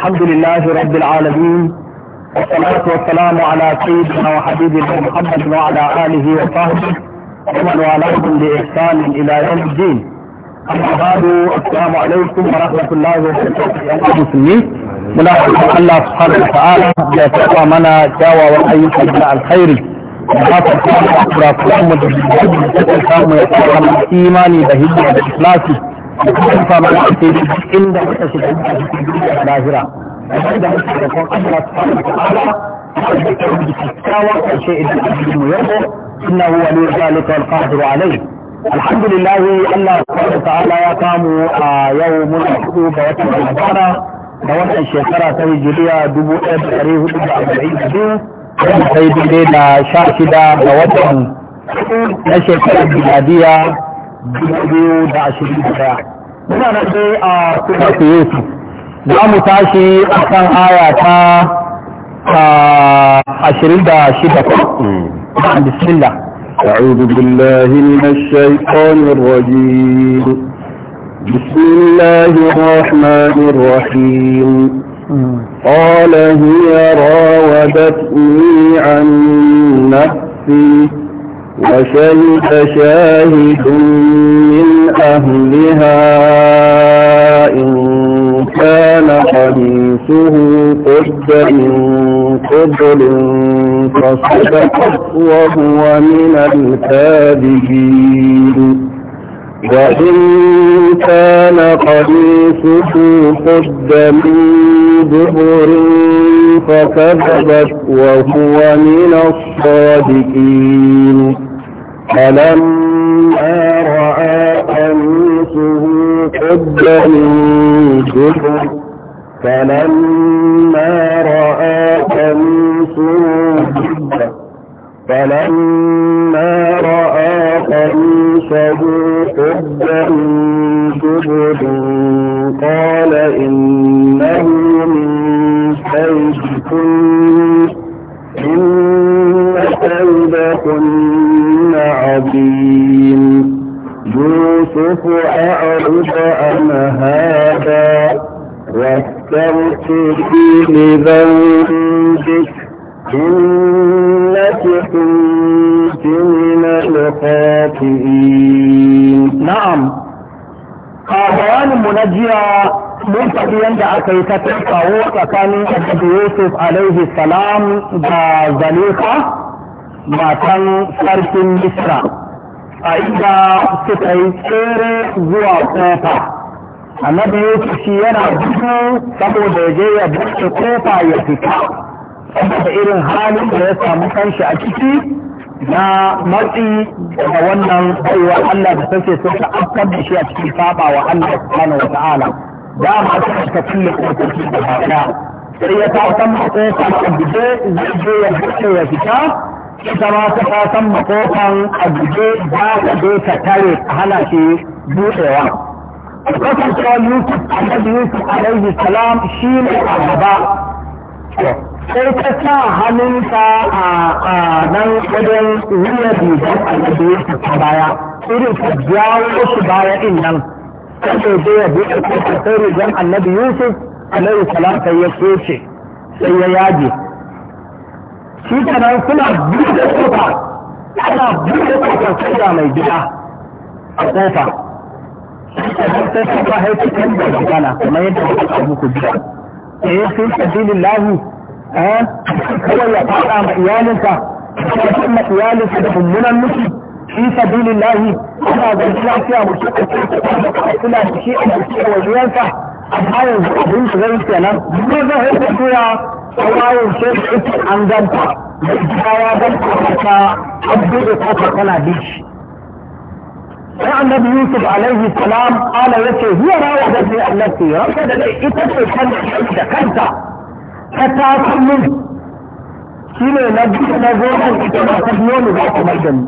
الحمد لله رب العالمين والصلاة والسلام على سيدنا وحبيبنا محمد وعلى آله وصحبه ومن والاهم بإحسان إلى يوم الدين أما بعد السلام عليكم ورحمة الله وبركاته ملاحظة الله سبحانه وتعالى يتقى منا جاوى وأيها من الخير وحافظ الله سبحانه وتعالى وجبه وجبه وجبه وجبه وجبه وجبه وجبه وجبه الحمد لله ألا سبحانه وتعالى يقام يوم الحقوب وتبع البارة دوات الشيخرة سوي جلية دبو إب أريه العيد بعيد دبو دبو سيد الليلة شاشدة دوات الشيخرة بلادية دبو دبو دعشدين أعوذ بالله من الشيطان الرجيم بسم الله الرحمن الرحيم قال هي راودتني عن نفسي وشهد شاهد من أهلها إن كان حديثه قد من قبل فصدقت وهو من الكاذبين وإن كان قميصه قد من دبر فكذبت وهو من الصادقين فلما رأى قميصه قد من دبر فلما رأى قميصه قد فلما رأى قميصه قد من دبر قال إنه من كيدكن إن كيدكن عظيم يوسف أعرض أن هذا في لذنبك إنك كنت من الخاطئين نعم قابان منجيا مرتقيا كي تتقعوك كان يوسف عليه السلام بذليقه matan sarkin Misra a inda suka yi tsere zuwa kofa. Annabi Yusuf shi yana duku saboda ya je ya buɗe kofa ya fita saboda irin halin da ya samu kanshi a ciki na matsi daga wannan baiwa Allah da take so ta afkar da shi a cikin saba wa Allah subhanahu wa ta'ala ma ta ta kulle kofofi da baya sai ya ta san kofa a bude zai je ya buɗe ya fita ita ma ta san makofan a guje za ka zo ka tare a hana shi buɗewa. Kasancewa Yusuf Annabi Yusuf alaihi salam shi ne a gaba. Sai ta sa hannunsa a nan wajen wuya rigar Annabi Yusuf ta baya. Irin ta jawo shi baya ɗin nan. Kasai je ya buɗe kofar sai rigar Annabi Yusuf alaihi salam sai ya kece sai ya yaji. shi ke nan suna buɗe kofa suna buɗe kofa suna mai gida a kofa sai su ba haifi kan da gana kamar yadda ya faɗa muku biya eh sai sabilin lahu eh, kawai ya faɗa ma iyalinsa ya ma iyalinsa da mummunan nufi fi sabilin lahi ana zargi lafiya mutu a cikin suna da shi a cikin wajensa amma yanzu abin su zai kenan duk zai haifi tsawayin sai ita an ganta da ita ya ganta ta abu da kofa tana bishi sai annabi yusuf alaihi salam ala yace huwa rawa da ni annabi ya ka da ita ce kan da kanta ta ta shi ne na gida na gogon ita ba ta biyo za ba ta mai da ni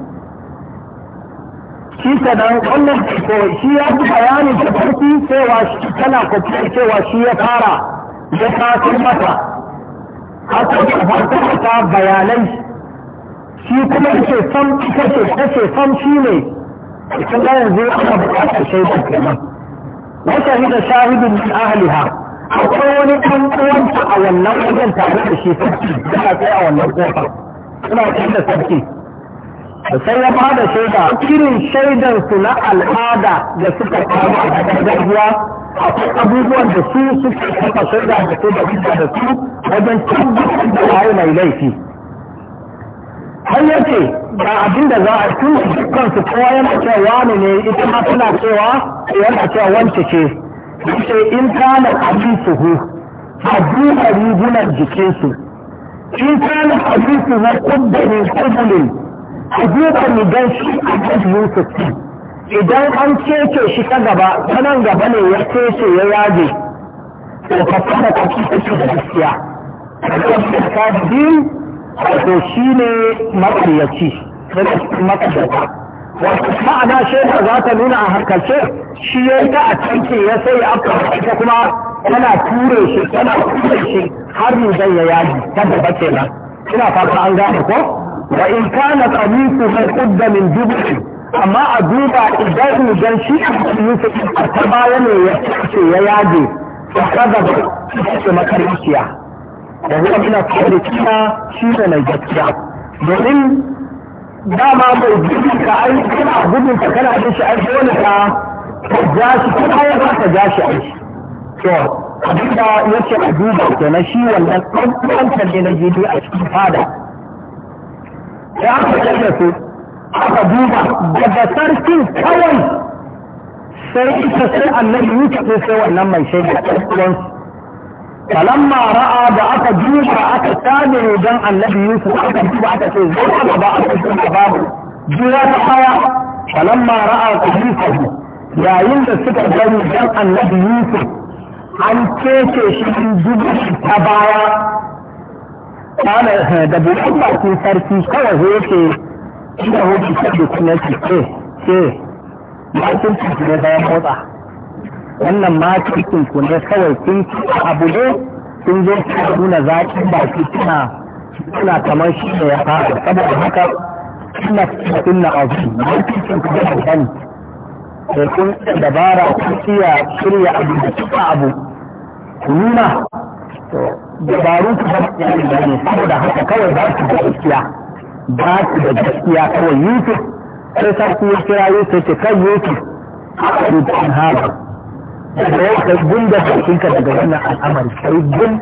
shi ta dan wannan ko shi ya fi bayani ta farki cewa tana ko cewa shi ya fara ya ta mata haka ta bayanai shi kuma ce sam kace kace sam shi ne kun ga yanzu ana buƙatar shaidu kenan wa shahida shahidun min ahliha akwai wani ɗan uwanta a wannan wajen tare da shi sarki yana tsaye a wannan kofar suna tsaye da sarki da sai ya ba da shaida irin shaidan su na al'ada da suka kama a gargajiya akwai abubuwan da su suke kafa shaida da ko da hujja da su wajen tabbatar da waye mai laifi har yake ga abin da za a tun dukkan su kowa yana cewa wani ne ita ma tana cewa yana cewa wance ce yace in kana abisuhu a duba rigunan jikinsu in kana abisuhu kudda ne kubulin a duba migan shi a kan Yusuf idan an keke shi ta gaba ta nan gaba ne ya keke ya yage to ka fara kaki kake da gaskiya ka ka biyu wato shi ne makaryaci makaryaci wato ma'ana shekar za ta nuna a harkace shi ya yi ta a canke ya sai ya afka ita kuma tana ture shi tana ture shi har zai ya yage ta gaba kenan Kina fata an gane ko wa in kana qamisu mai qudda min dubri amma a duba idan idan shi Yusuf ta baya ne ya ce ya yage ta kaza ba ce makariciya da huwa ina makariciya shi ne mai gaskiya domin dama mai gudun ka ai kana gudun ka kana jin shi ai dole ka ja shi kuma ya ba ka ja shi ai to abinda yace a duba na shi wannan ɗan ɗan ne na jini a cikin fada ya aka kashe su aka duba daga sarkin kawai sai ita sai annabi wuce sai wannan mai shaida falamma ra'a da aka duba aka same don annabi yusuf aka duba aka ce zai aka ba a cikin babu ta haya falamma ra'a yayin da suka gani don annabi yusuf an kece shi ta baya kana da sarki kawai yake inda wuce ta dokin ya ce ke ke makirkin ku ne bayan motsa wannan makirkin ku ne kawai sun abu ne sun zo su nuna zaƙin baki suna suna kamar shi ne ya faru saboda haka suna suna azu makirkin ku ne sani da kun dabara kun iya shirya abu da cika abu ku nuna dabaru ku ba ne saboda haka kawai za su ga gaskiya ba su da gaskiya kawai yusuf sai sarki ya kira yusuf ce kan yusuf a ta hanhara da ya kai gun da sarkinka daga wannan al'amari kai gun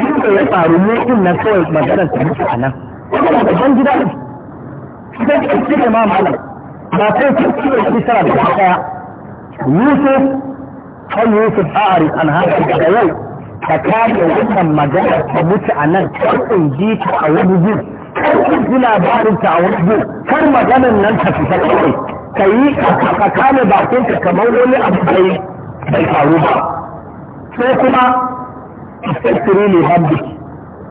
inda ya faru ne in nan kawai maganar ta mutu a nan kuma da ban gida ne sai ka ci da mamala ba sai ka ci da shi sara da daya yusuf kan yusuf a ari an haɗa daga yau ka kare wannan magana ta mutu a nan kar in ji ta a wani gudu kar ku ji labarin ta a wani kar maganan nan ta fita kawai ka yi ka kame bakin ka kamar wani abu kai bai faru ba sai kuma istafiri ne hamdi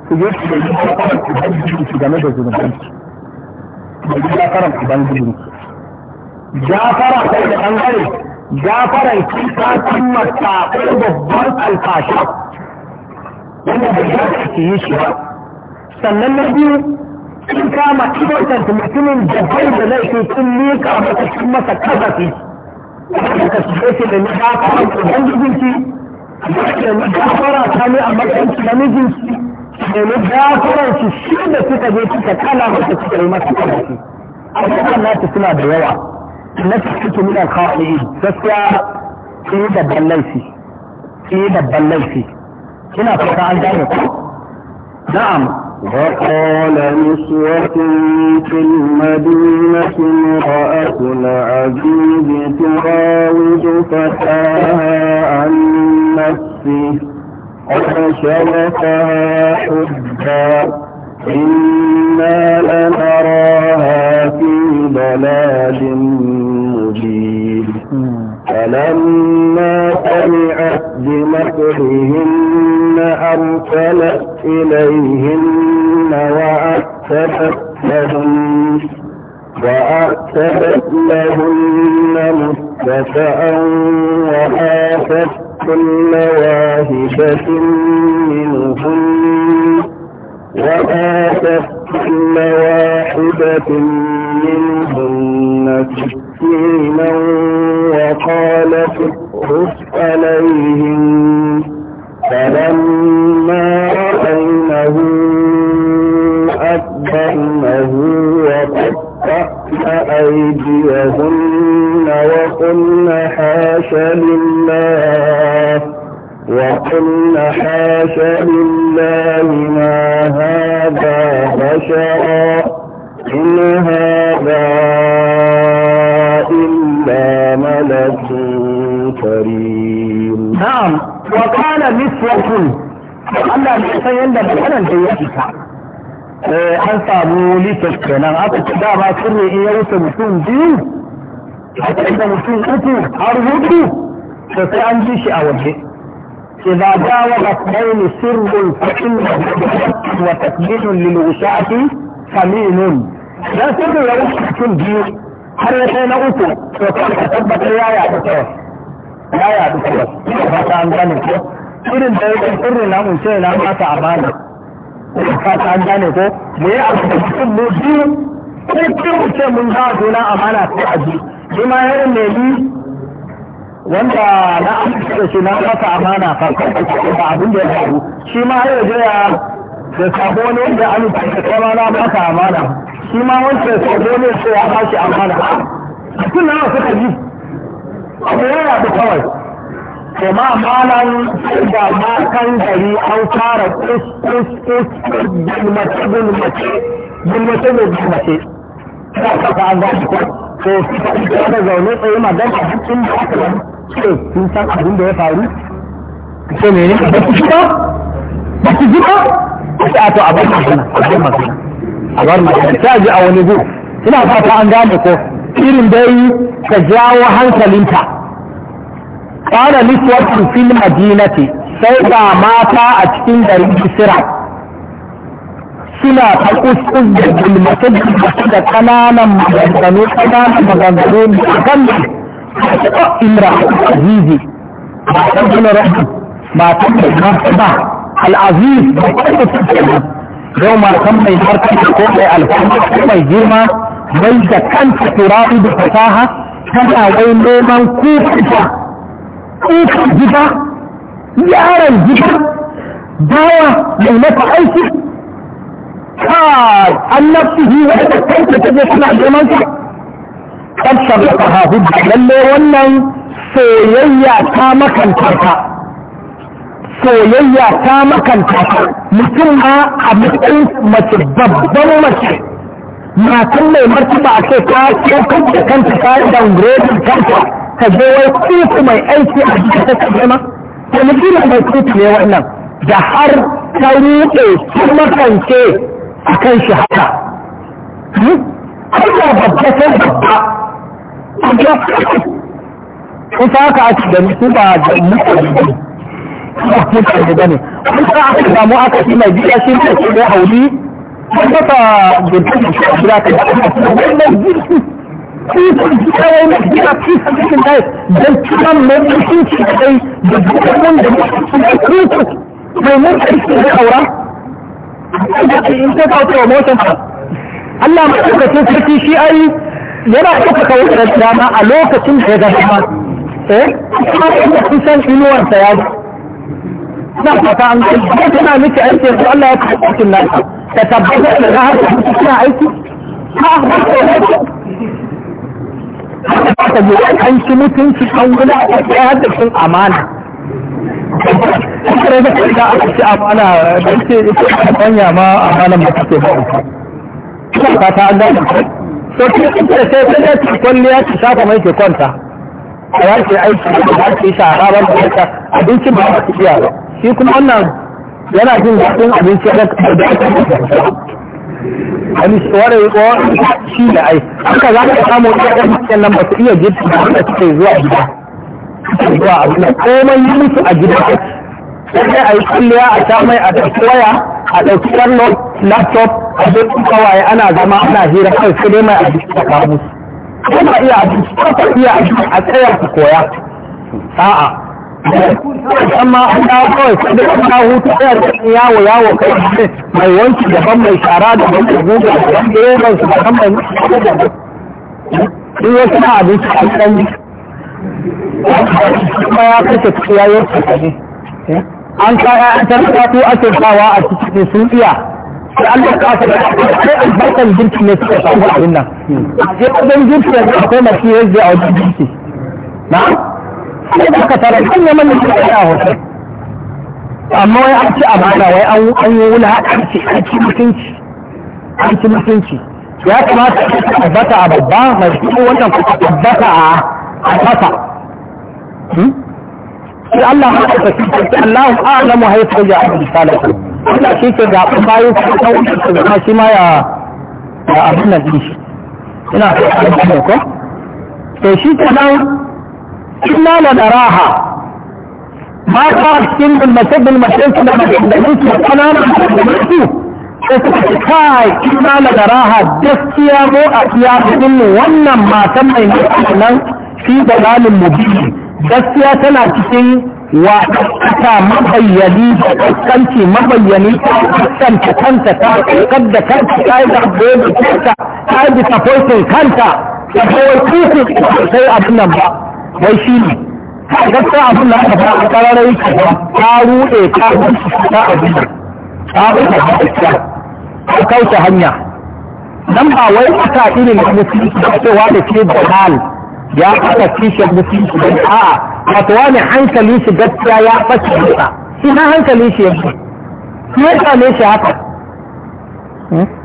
su je su yi kafaran ku hamdi su game da zunuban su da kafaran ku ban zubin gafara kai da bangare gafaran ki ta cimma sakon babban alfasha wanda bai yi shi ba sannan na biyu sun kama innocent mutumin da bai da zai sun miƙa masa sun masa kazafi ka shige shi da ni ba da an da gafara ta ne a matsayin ki da da ki da je kika kala masa kika yi masa kazafi a nasu suna da yawa na cikin kawai gaskiya yi babban laifi yi babban laifi ina fata an gane ku na'am وقال نسوة في المدينة امرأة العزيز تراود فتاها عن نفسه قد شغفها حبا إنا لنراها في بلاد مبين فلما سمعت بمكرهن أرسلت إليهن وأكتبت لهن وأكتبت لهن متكأ وآتت كل واهشة منهن وآتت كل واحدة منهن سكينا وقالت اخرج عليهم فلما أكبرنه وقطعن أيديهن وقلن حاش لله وقلن حاش لله ما هذا بشرا إن هذا إلا ملك كريم نعم وقال نسوة Allah ne san yadda maganar da ya fita eh, an samu litas kenan aka ci dama sirri in ya wuce mutum biyu aka da mutum uku har hudu da sai an ji shi a waje إذا جاوز اثنين سر فإنه وتكبير للغشاة سمين لا سر يوم mutum biyu har ya kai na uku to kan ka tabbatar ya ya an irin da yake sirri na mun ce na mata amana fata an gane ko mu yi abu da mutum mu biyu ko ce mu ce mun ba juna amana ko a ji shi ma yaron ne ni wanda na amince da shi na mata amana farkon da abin da ya faru shi ma yau da ya da sabo ne da amince da kama na mata amana shi ma wancan sabo ne sai ya ba shi amana mutum na suka ji abu yana da kawai to ma malan da matan gari an fara kus kus kus gulmace gulmace gulmace ne gulmace ta kafa an gashi ko to ta da zaune tsaye magana a cikin da aka yi ce sun san abin da ya faru ce ne ne ba su ji ba ba ku ji ba a to a bar magana a bar magana a bar magana ta ji a wani gu ina fata an gane ko irin dai ka jawo hankalinta kana niswatu fil madinati sai ga mata a cikin garin kisira suna ta kuskus da gulmace da kananan maganganu kananan maganganu da kan imra azizi matan gina rahim matan da kafa al'aziz da kuma tattalin yau matan mai harkar da ko mai alfahari mai girma mai kanta turabi fasaha wai neman kuka tsokar gida yaron gida dawa mai mata aiki kai an nafsihi wadda kanta ta je suna zaman ta kan da ha da lalle wannan soyayya ta makanta ta soyayya ta makanta ta mutum ma a matsayin mace babban mace matan mai martaba a ce ta ce kanta kanta ta downgrade kanta ka je wai kuku mai aiki a jikin ta kalma da mutum mai kuku ne wannan da har ta ruɗe ta makance a kan shi haka kuma hmm? babba sai babba in ta haka ake da mutu ba da mutane ba da ba ne in ta aka samu aka fi mai biya shi ne ko hauli ko ta gurbi da shi ta da aka kusan kyawawan da gina kusan cikin ɗaya don kiran mai mutunci da da dukkan da mutunci da kusan mai mutunci da aura in ta kawo cewa Allah ma Allah maɗaukacin sarki shi ai yana ɗaukaka da dama a lokacin da ya ga kuma eh kuma san kusan inuwansa ya ga na fata an ga yana miki aiki ko Allah ya kawo cikin nasa ka tabbatar da za a cikin aiki ha ba aka an ci mutunci an guda a tsayar da sun amana kuma da aka ci amana da ce ita ma amana ba ta ba ta an so ki ita da ta sai ta ta shafa mai ke kwanta a ya ce aiki da ba ke shara ba da ta abinci ba ta iya ba shi kuma wannan yana jin daɗin abinci da ta da ta ware ko shi da ai haka za ka samu ɗayan matsayin nan ba su iya jirgin da aka suke zuwa gida zuwa komai yi musu a gida sai a yi kulliya a sha mai a ɗauki waya a ɗauki kallo laptop a zai ana zama ana hira kai sai dai da kawo musu kuma iya a tsaya ku koya a'a amma an dawo kawai sai da kuma hutu sai a cikin yawo yawo kai mai wanki daban mai shara da mai gugu da yan su da mai mutu da duk wasu na abinci a ɗan kuma ya kashe kuɗi ya yi an kaya ta tarkatu ake sawa a cikin sun iya sai an da kasa da ne suka samu abin nan a je wajen da yanzu akwai a wajen girki na'am da aka tara kan yaman da suka yi a hotel amma wai an ci amana wai an yi wula an ci an ci mutunci an ci mutunci ya kamata a tabbata a babba mai kuma wannan kuma tabbata a kasa hmm? sai Allah ya tafi sai Allah a'lamu haythu ja'a bisalatu Allah shi ke ga bayu ko kuma shi ma ya abin nan shi ina ta ko to shi kenan inna la naraha ma ta cikin bulmace bulmace su da magandanin su kananan magandanin su sai su ce kai inna la raha gaskiya mu a kiyasin wannan matan mai mutum nan shi da zalin mubini gaskiya tana cikin wa ta mabayyani da kaskanci mabayyani ta kaskanta kanta ta kaskar da kanta ta yi zarbe da kanta ta yi bisa kanta ta kawai kuku sai abin nan ba wai shi ne kai gaskiya abin da aka fara kararar yi kaza ta rude ta rufe ta abin da ta rufe ta gaskiya ta kauce hanya dan ba wai aka irin musulunci ba cewa da ke dalal ya aka kishiyar musulunci ba a'a wato wani hankali shi gaskiya ya fashe masa shi na hankali shi yanzu shi ya same shi haka hmm?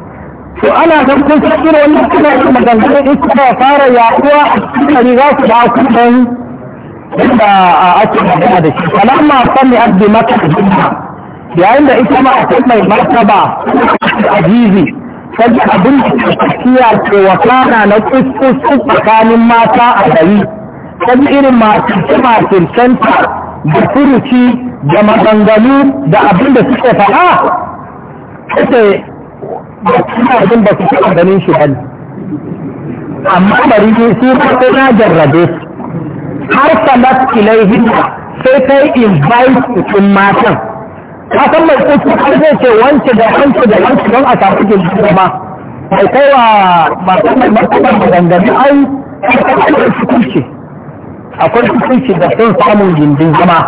to ana nan kun san irin wannan kuma da maganganun in suka fara yaduwa a cikin gari za su ba ku dan a ake magana da shi kalamma sanni abdi maka yayin da ita ma akwai mai martaba azizi kaji abin da ke tafiya ke na kuskus tsakanin mata a gari kaji irin masu makircenta da furuci da maganganu da abin da suke faɗa ina jin ba su taɓa ganin shi bane amma bari ne su ba sai na jarrabe su har salat ilaihin sai ta yi invite cikin matan ka san mai kusa har zai ce wance da wance da wance don a samu jirgin ma mai kai wa masu mai martaban maganganu ai akwai hukunci akwai hukunci da sun samun gindin zama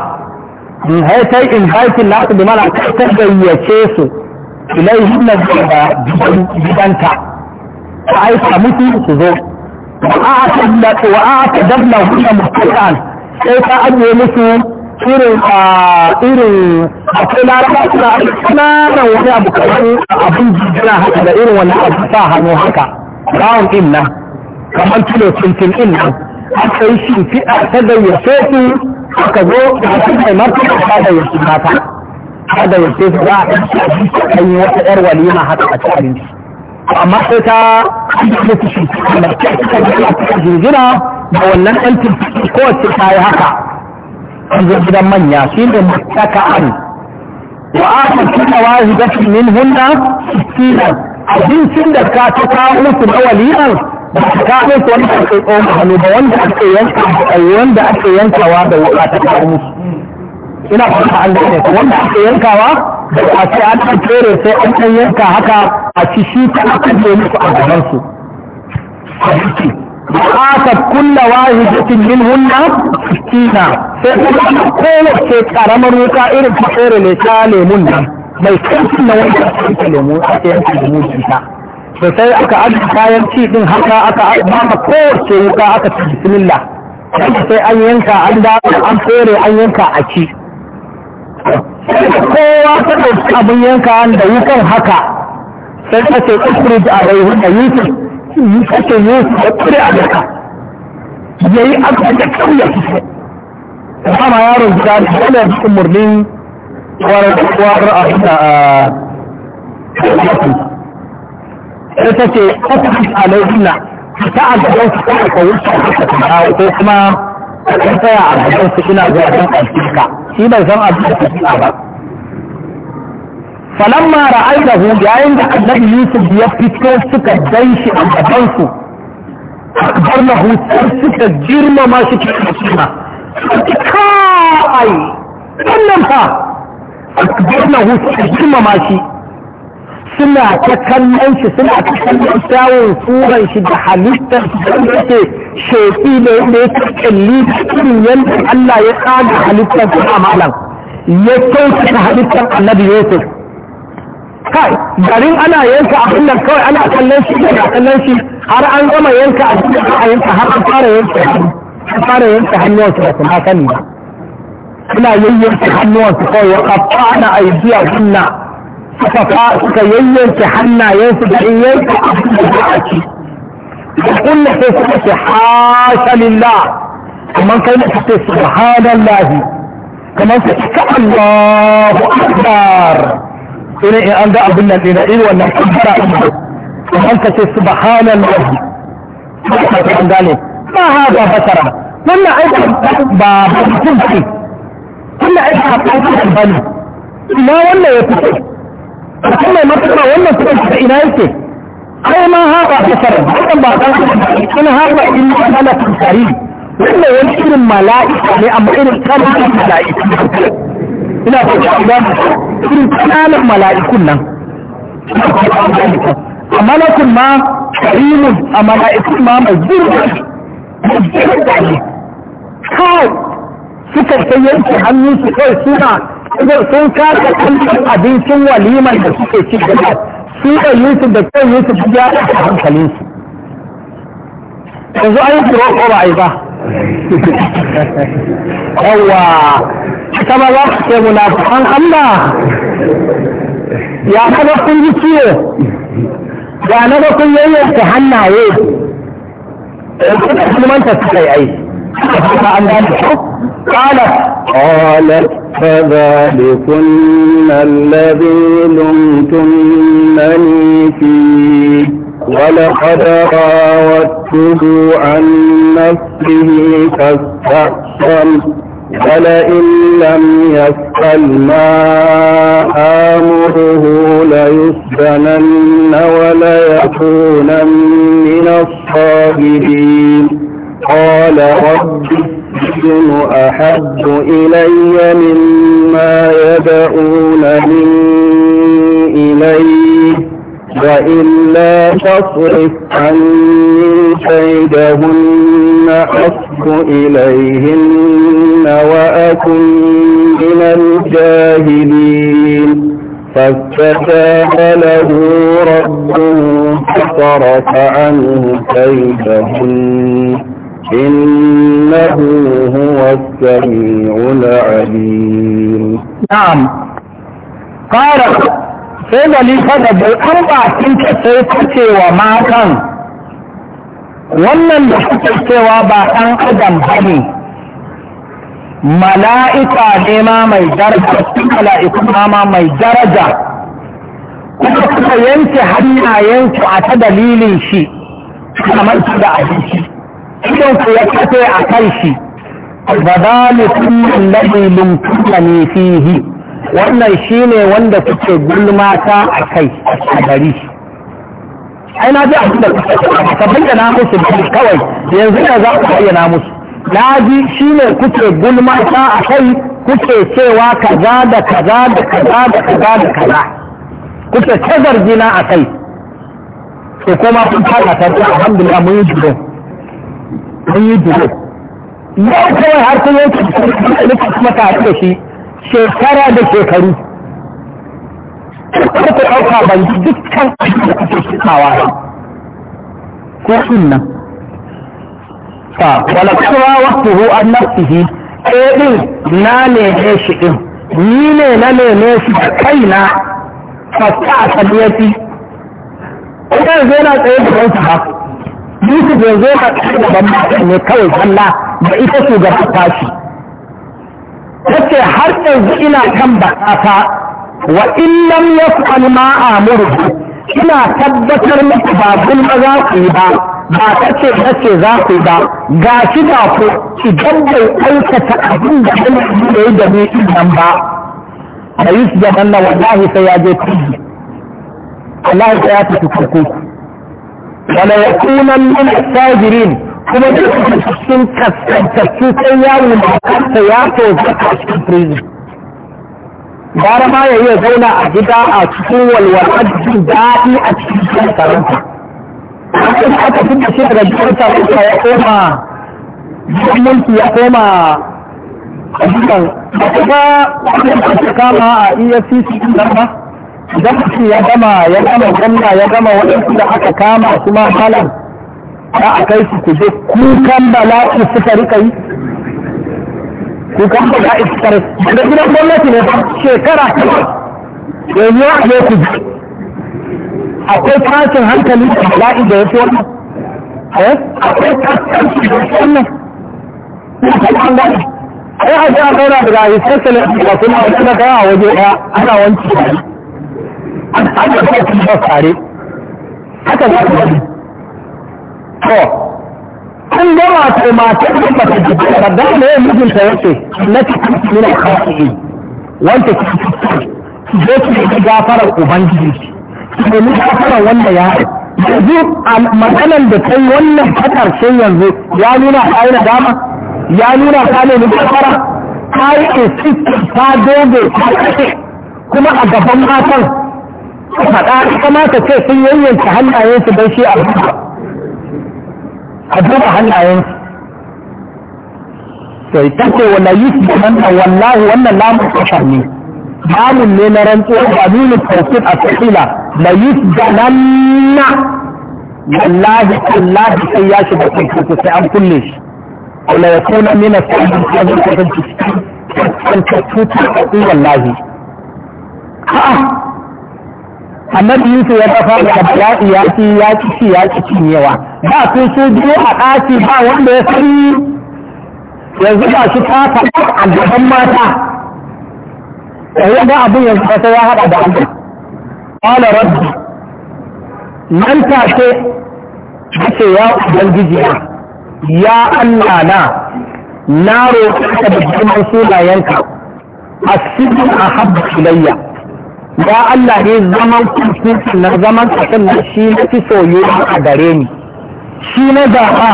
in hai ta yi invite nasu bi mana ta gayyace su ilai hinna da gidanta ta aika mutu su zo wa a ta dabna hunna mutu'an sai ta ajiye musu irin a irin akwai laraba suna ƙananan wani abu kamar abin jijjina haka da irin wani abu sa hannu haka rawun din nan kamar kilo tuntun din nan aka yi shi fi'a ta gayyace su aka zo da su mai martaba ta gayyace mata kada ya ce za a kan yi wata yar walima haka a cikin abinci amma sai ta mutu shi kamar ta jirgina da wannan ɗan kowace ta yi haka an zo gidan manya shi ne mutaka an wa aka kina wahi gafi min hunna sittina abincin da ka ta kawo musu na waliman ba ta kawo musu wanda yi tsohon hannu ba wanda yanka ake yankawa da wuka ta kawo musu ina fata an gane ka wanda ake yankawa a ce an ɗan tsere sai an ɗan yanka haka a ci shi ta aka je musu a gaban su aka kulla wahidatin min hunna sittina sai kuma kowace karamar wuka irin ta tsere mai ta lemun nan mai kantin na wanda aka yanka a aka yanka lemun jita to sai aka aji kayan ci din haka aka ba kowace wuka aka ci bismillah sai an yanka an dawo an tsere an yanka a ci kowa ta ɗauki abin yanka da kan haka sai ta ce ƙasirin a rai wanda yusuf yi su da ƙuri a daga ya yi aka da ƙauya kusa kama yaron gida da yana da umarnin warar a hita a sai ta ce ƙasirin a rai wanda ta a gaban su ta ko kuma kan tsaya a bakin su ina zuwa kan alfika shi bai san abin da take ba falamma ra'aytahu yayin da annabi yusuf ya fito suka dan shi a gaban su akbarnahu sai suka girmama shi cikin kima kai wannan fa akbarnahu suka girmama shi suna ta kallon shi suna ta kallon kyawun turan shi da halittar shi da yake shefi da yadda yake kyalli irin yadda Allah ya tsaga halittar su a malam ya kyautata halittar annabi Yusuf kai garin ana yanka abin nan kawai ana kallon shi da kallon shi har an gama yanka a cikin a yanka har an fara yanka an fara yanka hannuwansu da kuma sani ba suna yayyanka hannuwansu kawai wa qata'na aydiyakunna suka suka yayyanke hannayensu da in yanke da kullum sai suka ce hasha lillah kamar kai ne ka ce subhanallahi kamar ka ce Allahu akbar sai in an ga abin nan dina irin wannan kabbara din kamar ka ce subhanallahi an gane ma hada basara wannan aiki ba mutum ce wannan aiki ba ba ne ina wannan ya fito Allah ma kuma wannan kuma ina yake ai ma haka kasar hakan ba kan in haka in ana tsari wannan wani irin mala'ika ne amma irin kananan mala'iku ina ba ta ga irin kananan mala'ikun nan amalakun ma karimun a mala'ikun ma mai zurfi kawai suka sai yanke hannu su kai suna sun kasa kallon abincin walimar da suke ci da su da yusuf da kan yusuf ya a hankalin su yanzu an yi kiro ko ba a yi ba yawwa ita ba za ku ce munafukan allah ya kada kun yi ciwo ya na kun yayyanta hannaye kuma ta su kai aiki قالت قالت فذلكن الذي لمتنني فيه ولقد راودته عن نفسه فاستحسن ولئن لم يسأل ما آمره ليسجنن وليكونن من الصاغرين قال رب الدين أحب إلي مما يدعونني إليه وإلا تصرف عني كيدهن أصب إليهن وأكن من الجاهلين فاستتاب له ربه فصرف عنه كيدهن إنه هو السميع العليم نعم قال سيدا لي فقد أربع تلك سيكتي وما كان wannan da suke cewa ba ɗan adam ba ne mala'ika ne ma mai daraja su mala'iku ma mai daraja kuma suka yanke hannayensu a ta dalilin shi kamar su da abinci ku ya kafe a kan shi ba za mu sunan laɗi lumtuna ne fihi wannan shi ne wanda kuke gulmata a kai a gari ai na ji a da kuke ka bayyana musu da kawai yanzu ne za ku bayyana musu na ji shi ne kuke gulmata a kai kuke cewa kaza da kaza da kaza da kaza da kaza kuke ta zargina a kai ko kuma kun fara ta alhamdulillah mun yi jiro an yi dubu yau kawai har kun yanke jikin kuma ta haɗu da shi shekara da shekaru ko ku ɗauka ban dukkan da kuke shikawa ba ko sunna fa wala kuma waqtuhu an nafsihi eh na neme shi din ni ne na neme shi da kaina fa ta na tsaye da kansa ba Yusuf yanzu zo da ne kawai zalla da ita su shugaban tashi. Tace har yanzu ina kan bakata wa in nan ya yaf'al ma murhu, ina tabbatar muku ba gulma za ku yi ba ba kace kace za ku yi ba ga shi ba ku idan bai aikata abin da ina ya yi da ni nan ba da Yusuf da wannan wallahi sai ya je tudu. Allah ya tafi kurkuku. wala yakunan min asajirin kuma duk cikin kaskantattu sai ya wulakanta ya to zaka cikin prison gara ma ya yi zauna a gida a cikin walwala jin daɗi a cikin karanta an aka fi da shi daga jirta kusa ya koma mulki ya koma a jikan ba kuma kama a efcc ɗin nan ba idan ya gama ya gama gwamna ya gama waɗansu da aka kama su ma halar za a kai su ku je kukan bala'i suka rika yi kukan bala'i suka rika da gidan gwamnati ne shekara yanzu ya ne ku je akwai tashin hankali da bala'i da ya fi wannan eh? akwai tashin da ya da wannan ai a ji a zauna daga a yi sassanin da kuma wani daga a waje ɗaya ana wanci har da kuma kuma tare haka za ku yi to kun gama to matar da ba ta jiki ba da ne mijin ta yake na cikin mina kawai wanda ki fito ki je ki yi gafarar ubangiji ki nemi gafarar wanda ya yanzu matsalar da kai wannan ta ƙarshen yanzu ya nuna ka yi nadama ya nuna ka ne nufi fara ka yi a ta dogo kuma a gaban matan faɗa kamata ce sun yayyanci hannayensu don shi a a duba hannayensu sai ta ce wala yusbihan wallahu wannan lamun kashar ne lamun ne na rantsuwa da nuna tawkid a sahila la yusbihanna wallahi wallahi sai ya shiga kurkuku sai an kulle shi wala yakuna min as-sabil kadin kadin cikin kan tuta wallahi a'a annabi yusuf ya dafa da bala'i ya ci ya ci ci ci ba su su biyu a ɗaki ba wanda ya sani yanzu ba shi kafa faɗa a gaban mata yanzu abin ya ba sai ya haɗa da Allah qala rabbi nan ta ce ce ya ubangiji ya Allah na na roƙa da girman sunayenka a ahabba ilayya ya Allah ne zaman kusurcin na zaman kasan na shi na fi ba a gare ni shi na zaɓa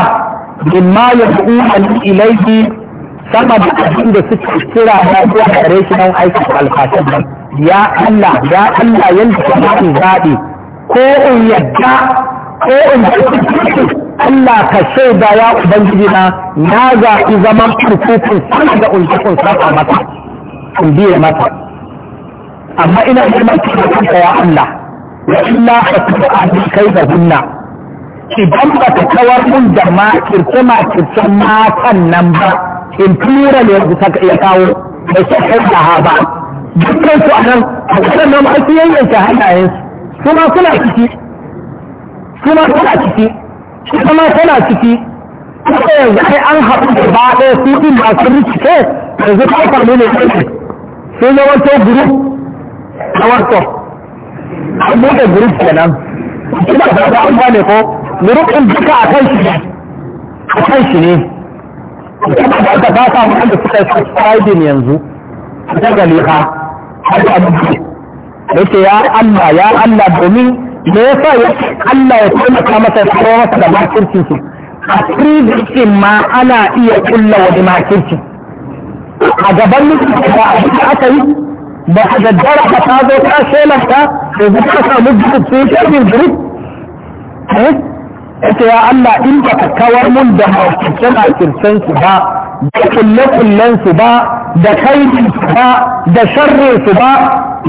bimma ya fi ilaihi sama da abin da suke kira na zuwa gare shi nan aikin alfashin nan ya Allah ya Allah yanda ka bani zaɓe ko in yadda ko in Allah ka shaida ya ubangiji na na zaɓi zaman kurkukun sama da uljukun sama mata in biye mata amma ina neman taimakonka ya Allah wa illa fatuwa a kai da hunna idan ba ta kawar mun da makirce makircen matan nan ba in tura ne plural iya kawo bai sakar da ha ba dukkan su a nan a waɗannan masu yanyanke hannayensu su ma suna ciki su ma suna ciki su ma suna ciki kuma yanzu ai an haɗu da ba ɗaya su ɗin masu rikice yanzu ta faru ne sun zama ta guru a whatsapp an buɗe group kenan kina da ba an gane ko group duka a kan shi a kan shi ne kuma da aka ba sa mu da suka subscribe yanzu ta galiha har da abubuwa yake ya Allah ya Allah domin me yasa ya Allah ya taimaka masa ya kawo masa da makircin shi? a cikin ma ana iya kulla wani makircin a gaban mutum da aka yi ba a gaddara ba ta zo ta shelanta yanzu ka samu group sun shirin group eh ya Allah in ba ka kawar mun da haukancen akircen su ba da kulle-kullen su ba da kaidin su ba da sharrin su ba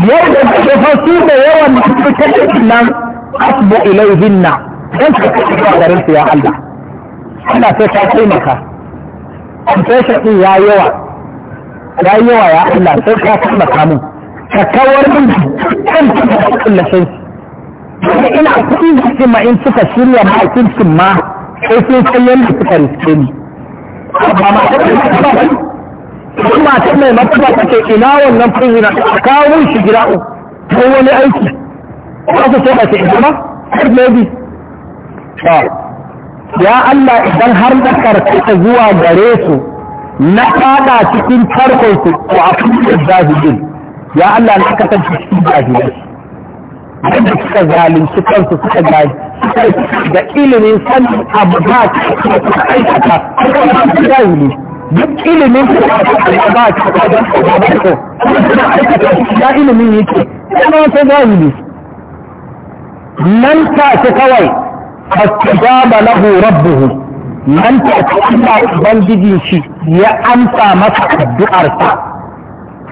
yau da kake fasu da yawan mutum nan asbu ilaihinna dan ka kashe garin su ya Allah Allah sai ka taimaka confession din ya yawa ya yi yawa ya Allah sai ka taimaka min ka kawar min kan kullashin da ina kuɗi da ce ma in suka shirya ma'aikacin ma sai sun san yadda suka riske ni ba ma ta kuma matan mai matuƙa ta ce ina wannan firina Ka kawo shi gida ko wani aiki ko aka ce ba ce ina ba har maybe ya Allah idan har da karkata zuwa gare su na fada cikin tarkon su ko a cikin zahidin ya Allah na kasan cikin zahidin wanda suka zalunci kansu suka gaji da ilimin sanin abu ba su aikata suka zahili duk ilimin su da ba su da ba su da ba su ya ilimin yake kuma ta zahili nan ta ce kawai fastajaba lahu rabbuhu man ta Allah ubangiji shi ya amsa masa sa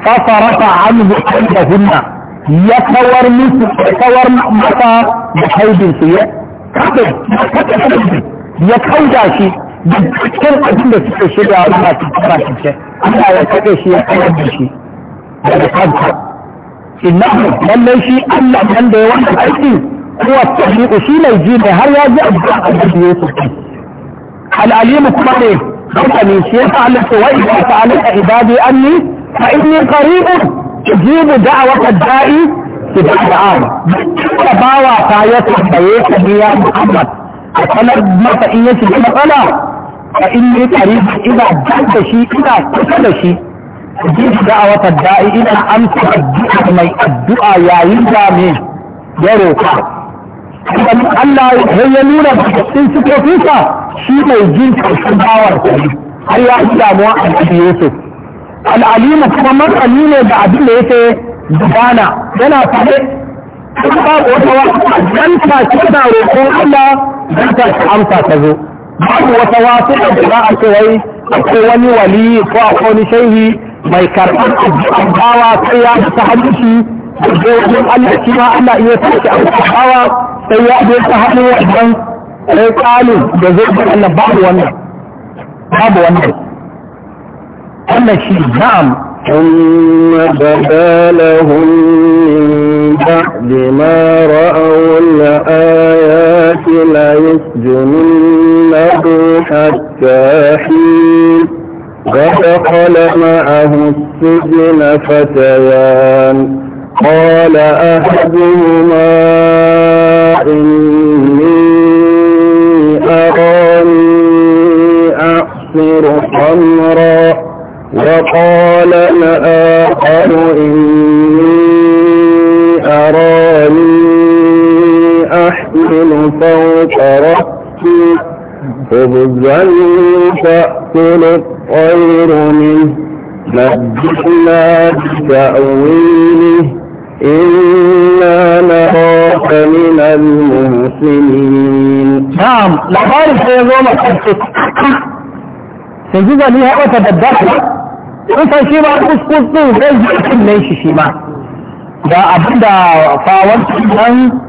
fa farafa anhu kaidahunna ya kawar musu ya kawar masa da kaidin su ya ya kauda shi da cikin abin da suke shiga a Allah ta tsara shi Allah ya kade shi ya kawar da shi daga kanta inna lallai shi Allah nan da ya wanda aiki kuwa tabi'u shi mai ne har ya ji addu'a da Yusuf al'alimu kuma ne mutane shi ya fa'ala ce wa idza fa'ala ibadi anni fa inni qaribun ujibu wata da'i Ki da'a idan da'an da bawa ta ya tambaye ka ne ya Muhammad a sanar masa in ya shiga matsala fa inni qaribun ina da shi ina kusa da shi ujibu wata da'i ina amsa addu'a mai addu'a yayin da me ya roka Allah ya nuna cikin sukofinsa shi mai jin karshen bawar kare har ya fi damuwa a cikin yusuf al'alimu kuma matsali ne da abin da yake gudana yana faɗe kuma babu wata wata dan ta ce tana roƙon Allah ta amsa ta zo babu wata wata da za a ce wai akwai wani wali ko akwai wani shehi mai karɓar addu'ar bawa sai ya ta hannu shi da wajen Allah shi ma Allah iya amsa bawa sai ya je ta hannu wannan sai kalin da zai ga Allah babu wannan babu wannan shi na'am ثم بدا لهم من بعد ما رأوا الآيات ليسجننه حتى حين ودخل معه السجن فتيان قال أحدهما إني يعصر خمرا وقال الآخر إني أراني أحمل فوق رأسي خبزا تأكل الطير منه نبئنا بتأويله إنا نراك من المحسنين نعم لخالف يا زوم yanzu zani ya ɓata babbar in san shi ma kuskus ɗin zai ji cikin nan shi shi ma da abin da fawar nan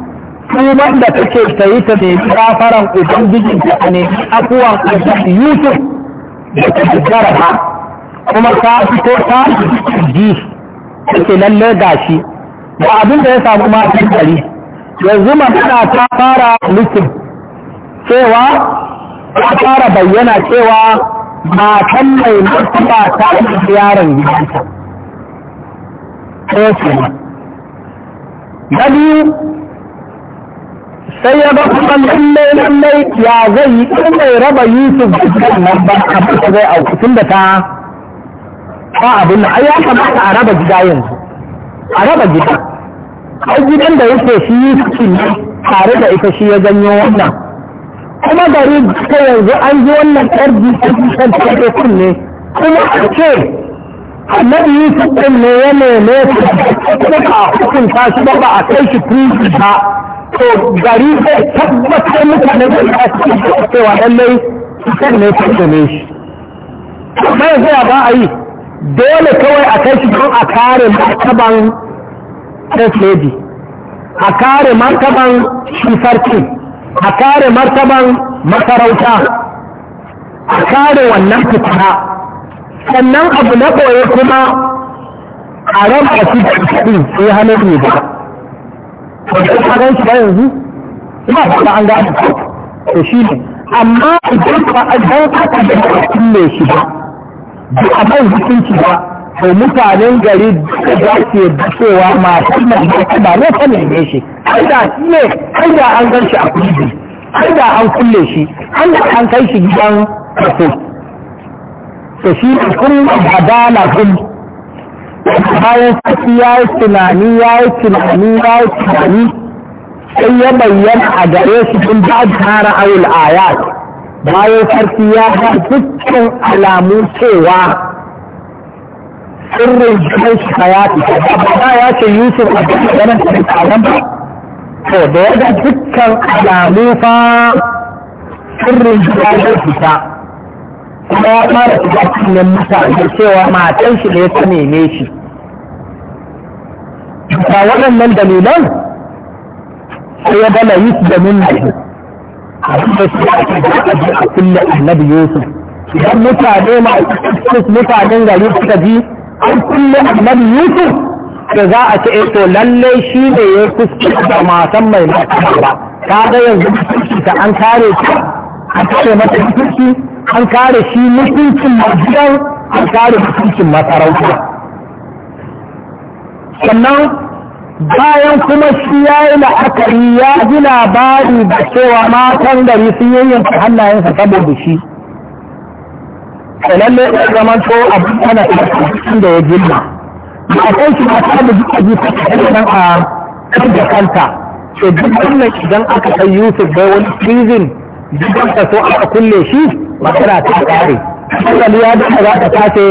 tuban da take ta yi ta ne kafaran ubangijin ta ne akuwan yusuf da ta jikara ha kuma ta fito ta ji take lalle gashi da abin da ya samu matan ɗari yanzu magana ta fara nufin cewa ta fara bayyana cewa matan mai ba ta ɗauki yaron gidansa. ɗaya ba. na biyu sai ya ga kusan lallai lallai ya zai yi ɗin mai raba yusuf da kan nan ba a da zai a tun da ta ta abin da ai ya kamata a raba gida yanzu a raba gida ai gidan da yake shi yusuf ne tare da ita shi ya janyo wannan kuma gari ta yanzu an ji wannan ƙarfi ƙarfi kan tafiye kunne kuma a ce annabi yusuf ɗin ne ya neme kuma ba a hukunta shi ba ba a kai shi tuki ba to gari zai tabbatar mutane da ya ce ce cewa lallai cutar ne ta dame shi amma yanzu ya ba a yi dole kawai a kai shi don a kare martaban first lady a kare martaban shi sarkin a kare martaban masarauta a kare wannan fitara sannan abu na koye kuma a raba shi da kaɗi sai hannun ne ba ta kagan shi ba yanzu ina faɗa an ko to shi ne amma idan ka a jan aka da kaɗin ne shi ba ba a mai hukunci ba to mutanen gari da za su yi cewa matan mai ba ne ta neme shi ai da ne ai da an gan shi a kudu ai da an kulle shi an da an kai shi gidan kaso to shi ne kun hadala kun bayan sati ya yi tunani ya yi tunani ya yi tunani sai ya bayyana a gare shi kun ba tara awul ayat bayan sarki ya ga dukkan alamu cewa sirrin jikin shi hayati ba ya ce yusuf a cikin ganin da tsaron ba to da yadda dukkan alamu fa sirrin jikin fita kuma ya fara shiga cikin cewa matan shi ne ta neme shi ba waɗannan dalilan sai ya yusuf da min nahi a da shi a kulle annabi yusuf idan mutane ma mutanen gari suka ji an kulle annabi yusuf da za a ce eh, to lallai shi ne ya fuska da matan mai mata ba ga yanzu mutunci ta an kare shi an kare mata mutunci an kare shi mutuncin majiyar an kare mutuncin masarauta sannan bayan kuma shi ya yi la'akari ya ji labari da cewa matan gari sun yi yanka hannayensa saboda shi lalle ya zama to abin ana cikin da ya girma a kai shi ba ta da duka jika a kan da kanta to duk wannan idan aka kai yusuf bai wani prison gidan da so aka kulle shi matsala ta kare hankali ya da za ta tace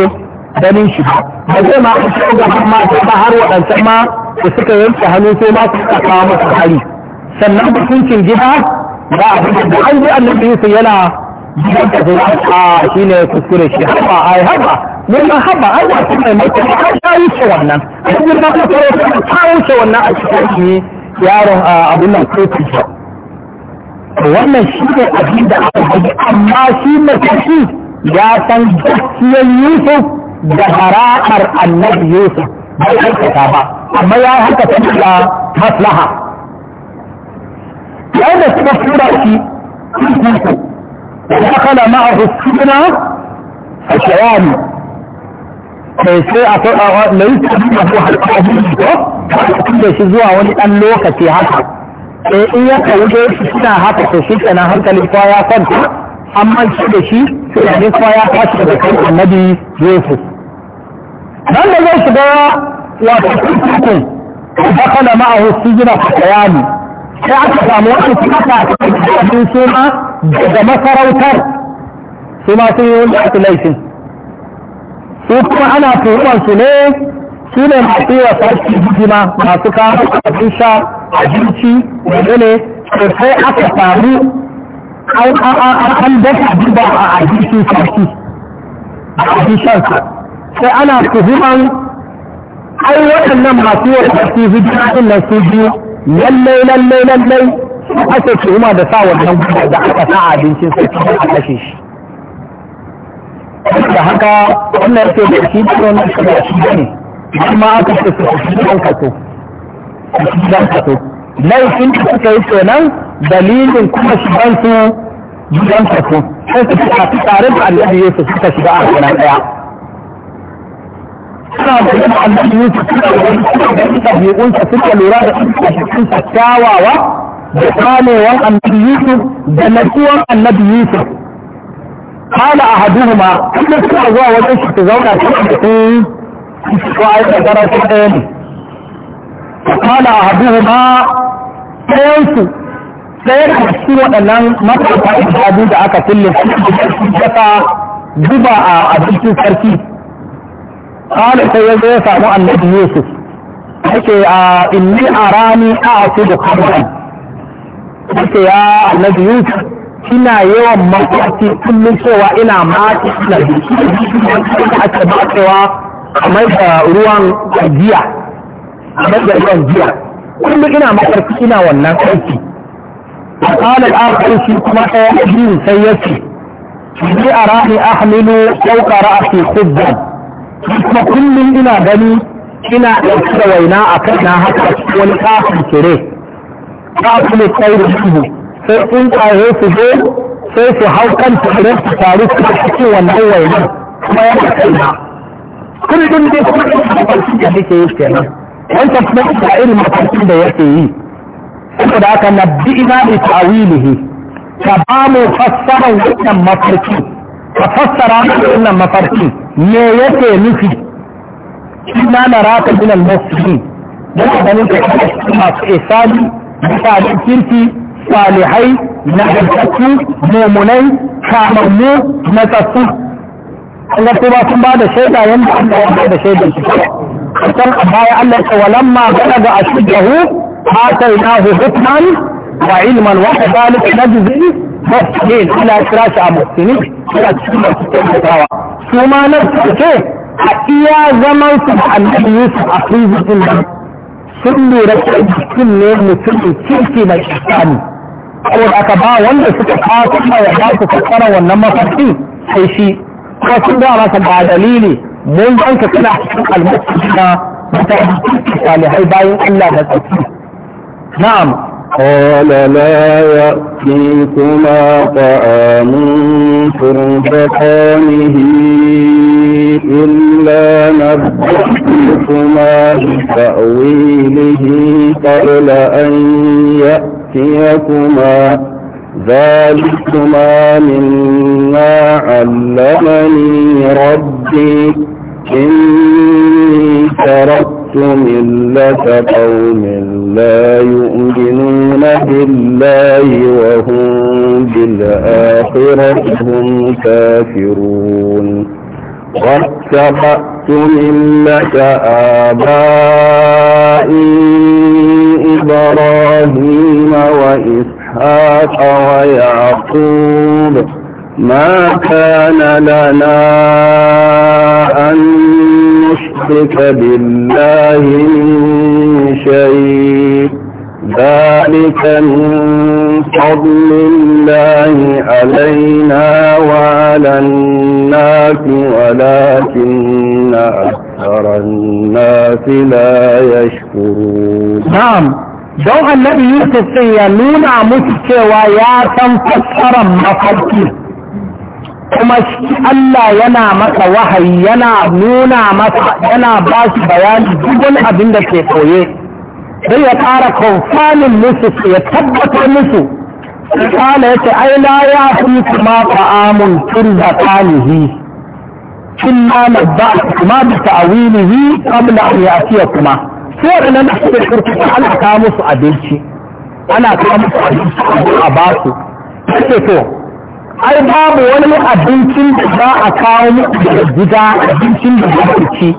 ganin shi ba zai ma a cikin Ma mata ba har waɗancan ma da suka yanke hannu sai ma su suka kawo masa hari sannan hukuncin gida ba a da an ji annabi yusuf yana a ah, shi ne kuskure shi haba ai haba wannan haba ai ba shi mai mutum ai ta wuce wannan yi girma ta fara ta wuce wannan a cikin shi yaron ah, abin nan ko tuta wannan shi ne abin da aka haji amma shi matashi ya san gaskiyar yusuf da hara'ar annabi yusuf bai aikata ba amma ya haka ta da maslaha yau da suka tura shi ودخل معه السجن الشوام ليس منه حقيقة da shi zuwa wani ɗan lokaci haka sai in ya kawo shi suna haka to shi kenan hankalin kwa ya amma shi da shi tunanin kwa ya tashi daga kan annabi Yusuf nan da zai shiga wato cikin dakala ma'ahu sujina fa kayani sai aka samu wani kasa a cikin su daga masarautar su masu sun yi wani laifin su kuma ana turuwan su ne su ne masu yi wa sarki hijima masu kawo abin sha abinci wanda ne sai aka samu an dafa duba a abincin sarki a abincinsa sai ana turuwan ai waɗannan masu yi wa sarki hijima ɗin nan su biyu lallai lallai lallai ake kuma da sa wannan gudu da aka sa abincin sai a kashe shi da haka wannan yake da shi da wannan shi da shi ne amma aka ce su shi dan kaso shi dan kaso laifin da suka yi kenan dalilin kuma shi ban su gidan kaso sai su fita tare da annabi Yesu suka shiga a kana daya suna da annabi Yusuf da ɗabi'unsa suka lura da kyawawa da annabi Yusuf da natsuwar annabi Yusuf قال a كل سنة هو وجه تزوجها تحدثين a درجة ma قال أحدهما كيف سيرح السوء لن مطلب aka أبود أكا كل سنة جبا abincin sarki. qala sai yazo ya samu annabi yusuf yake a inni arani a'tudu qabran yake ya annabi yusuf ina yawan mafarki kullum cewa ina mati ina da ake matsewa kamar da ruwan giya kamar ruwan giya kullum ina mafarki ina wannan aiki a kalar arzikin shi kuma ɗaya biyu sai ya ce ni a ra'ayi a kuma kullum ina gani ina ɗauki da waina a kan na haka wani kafin cire ta kuma tsayi da sai tsuntsaye su zo sai su hau kan tare su taru su cikin wannan waina kuma ya yana kaina kullum dai kuma ina mafarkin da nake yi nan wancan kuma ina irin mafarkin da yake yi saboda haka nabbi ina bi ta'awilihi ka ba mu fassarar wannan mafarkin ka fassara wannan mafarkin me yake nufi ina na raka min al-muslimin dan ganin ka masu isali misalin kirki salihai na gaskatu mumunai kamammu na tsatsu Allah kuma sun ba da shaida yanda Allah ya ba da shaidan su kan a baya Allah ya walamma balaga ashuddahu atainahu hukman wa ilman wa na najzi muhsin ana kira shi a muhsini suna cikin masu kyautatawa su ma na ce a iya zaman su da annabi Yusuf a prison din nan sun lura cewa mutum ne mutumin kirki mai ihsani saboda aka ba wanda suka kawo kuma ya ba su fassara wannan mafarkin sai shi kuma sun ba masa ba dalili mun ganka kana cikin almusulma mutane salihai bayan Allah da tsaki na'am قال لا يأتيكما طعام ترزقانه إلا نبأتكما بتأويله قبل أن يأتيكما ذلكما مما علمني ربي إني تركت ملة قوم لا يؤمنون بالله وهم بالآخرة هم كافرون واتبعت ملة آبائي إبراهيم وإسحاق ويعقوب ما كان لنا أن نشرك بالله من شيء ذلك من فضل الله علينا وعلى الناس ولكن أكثر الناس لا يشكرون نعم don النبي يوسف sai ya nuna تنفسر cewa kuma shi Allah yana maka wahayi yana nuna masa yana ba shi bayani duk wani abin da ke koye sai ya ƙara konfanin musu ya tabbatar musu kala ya ce ai la ya fi kuma fa'amun tun da kanihi tun ma na ba kuma da ta'awilihi kabla an ya fiye kuma sai waɗannan da suke kurkuta ana kawo musu abinci ana kawo musu abinci a ba su to ai babu wani abincin da za a kawo muku daga gida abincin da za ku ci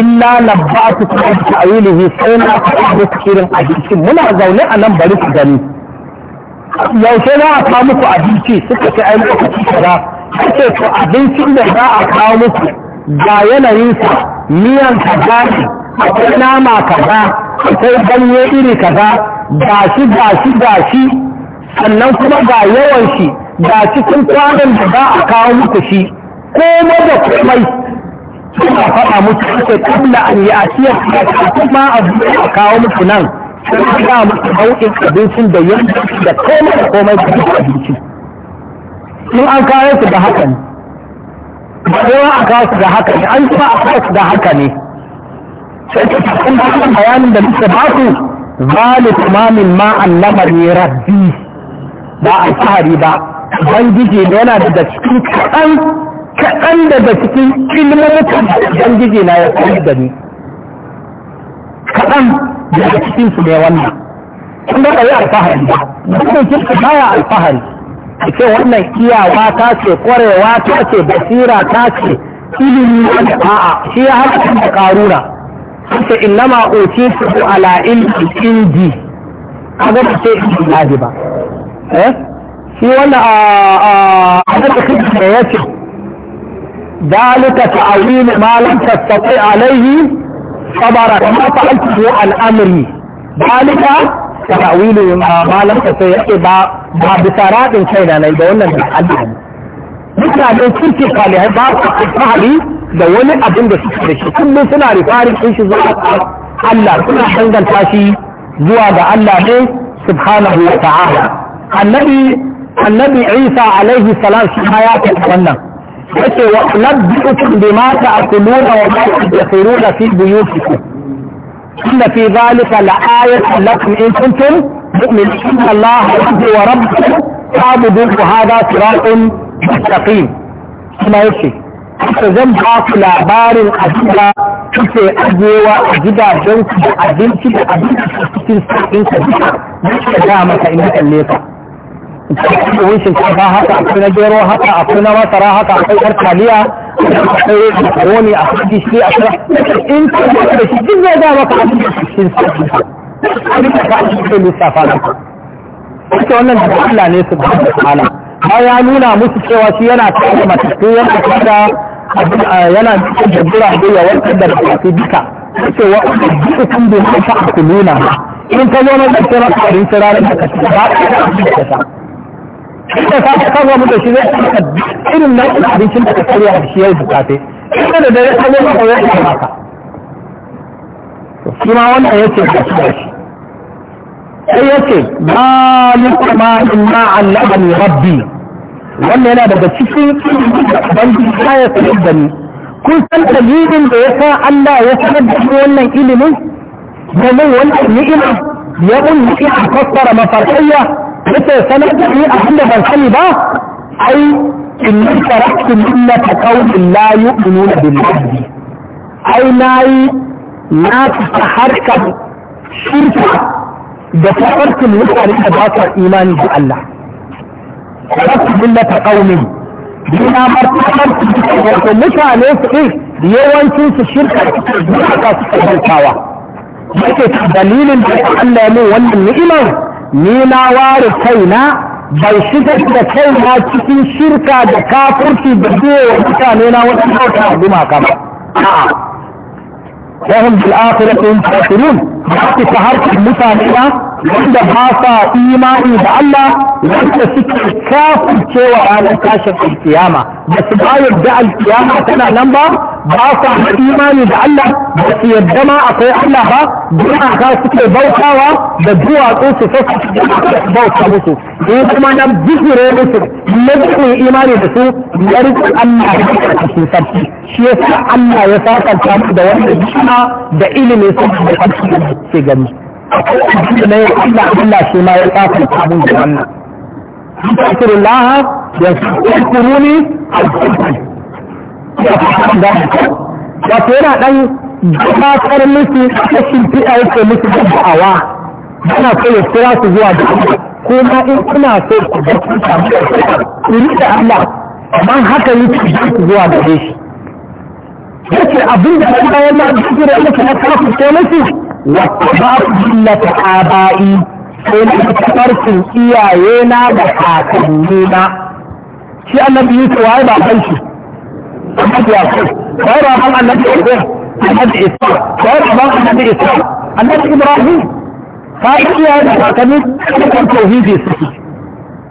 illa labbatu ku bi ta'yilihi sai na faɗa muku irin abincin muna zaune a nan bari ku gani yaushe za a kawo muku abinci suka ce ai lokaci kaza kace to abincin da za a kawo muku ga sa miyan kaza akwai nama kaza akwai ganye iri kaza gashi gashi gashi sannan kuma ga yawan shi ga cikin kwanan da ba a kawo muku shi komai da komai suna faɗa muku ake kabla an yi asiya a kuma a a kawo muku nan sun ga muku nau'in abincin da yadda da komai da komai da duk abinci in an kawo su da haka ne ba yawan a kawo su da haka ne an kuma a kawo su da haka ne sai ta cikin bayanin da muka ba ku ذلك ما مما علمني ربي ba alfahari ba ubangiji ne yana daga cikin kaɗan kaɗan daga cikin ilmumukan ubangiji na ya koyi da ni kaɗan daga cikin su ne wannan kun ga kai alfahari ba mutumin kirki baya alfahari a ce wannan iyawa ta ce kwarewa ta ce basira ta ce ilimi wani a'a shi ya haka da karuna sun ce innama otisu ala ilmi indi a ga ba ce ilmi ba eh shi wanda ah, ah, a a da ya ce dalika alayhi sabara kama fa'altu an amri dalika ta'awil ma lam ba ba bisa radin kai nai da wannan da Allah ne mutanen kirki salihai ba su alfahari da wani abin da suke da shi kullum suna rifarin shi zuwa Allah suna danganta shi zuwa ga Allah ne subhanahu wa ta'ala annabi annabi isa alaihi salam shi ma ya faɗi wannan yace wa nabbiukum bima ta'kuluna wa ma tadkhuluna fi buyutikum inna fi dhalika la'ayatan lakum in kuntum mu'minin inna allaha rabbi wa rabbukum fa'buduhu hadha siratun mustaqim kuma yace haka zan ba ku labarin abinda kuke ajewa a gidajenku da abinci da abinci cikin sa'in ka duka da dama ka ina kalle ka buhun shinkafa haka akwai na gero haka akwai na masara haka akwai yar taliya akwai makaroni shi gishiri akwai in ka da shi duk zai da maka abin da cikin ka abin da ka ake lissafa maka ita wannan da Allah ne subhanahu wa ta'ala ba ya nuna musu cewa shi yana tare da matattu yana tare da yana cikin jabbura da ya warkar da duka ce wa duka kan bai haka a kuluna in ka zo na da kira karin kira da ka ba ka da ka inda ka ka zo mu da shi zai ka irin nan abincin da ka karya da shi yau bukate inda da dare ka zo ka koyar da maka shi ma wannan yace ka shi sai yace zalika ma inna allabani rabbi wannan yana daga cikin ubangiji ya ya sanar da kun san dalilin da ya sa Allah ya sanar da wannan ilimin domin wannan ni'ima ya mun ni'ima fassara mafarkaiya yake sanar da ni abin da ban sani ba ai in taraktu millata qaumin la yu'minuna billahi ai nayi na ta harka shirka da tafarkin mutane ta ba ta imani da Allah taraktu millata qaumin dina martabar wato mutane su ɗin yawancin su shirka da suka zartawa yake dalilin da Allah ya min wannan ni'imar ni na ware kaina bai shiga da kaina cikin shirka da kafurci da biyo mutane na wasu kauta gumaka ba a'a wahum bil akhirati da kafirun ta harkar mutane na wanda ba sa imani da Allah wanda suke kafircewa ranar tashin alkiyama ba su ba yarda alkiyama tana nan ba ba sa imani da Allah ba su yarda ma akwai Allah ba ka suke bautawa da duwatsu su sassa bauta musu in kuma na bijire musu na imani da su ya rike Allah ya cikin sarki shi yasa Allah ya sakanta da wannan jima da ilimin su da farki da ke gani akwai abin da shi ma ya tsafa ta da wannan Zikirin laha da zikuru ne a Wato yana ɗan gabatar musu kashin fi'a yake musu da'awa yana so ya kira su zuwa da kuma in kuna so ku ga kun samu ku rike Allah amma haka yake ku zuwa da shi. Yace abin da Allah ya ma zikira yake na kafin sai musu وأخبرت جلة آبائي كون أخبرت إيايينا وحاكمينا شيء النبي يسوى عيبا خلشي أحد يأخذ غير أبان النبي أحد إسحاق غير أبان النبي إسحاق النبي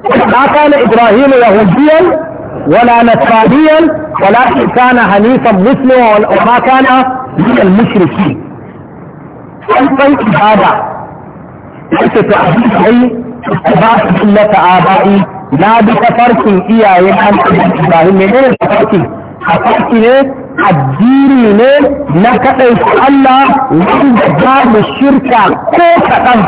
ما كان إبراهيم يهوديا ولا نصرانيا ولكن كان حنيفا مسلما وما كان من المشركين an san ibada yake ta abin ba su illata aba'i na bi farkin iyaye an ibrahim ne ne A tafarki ne addini ne na kaɗai Allah wanda babu shirka ko kaɗan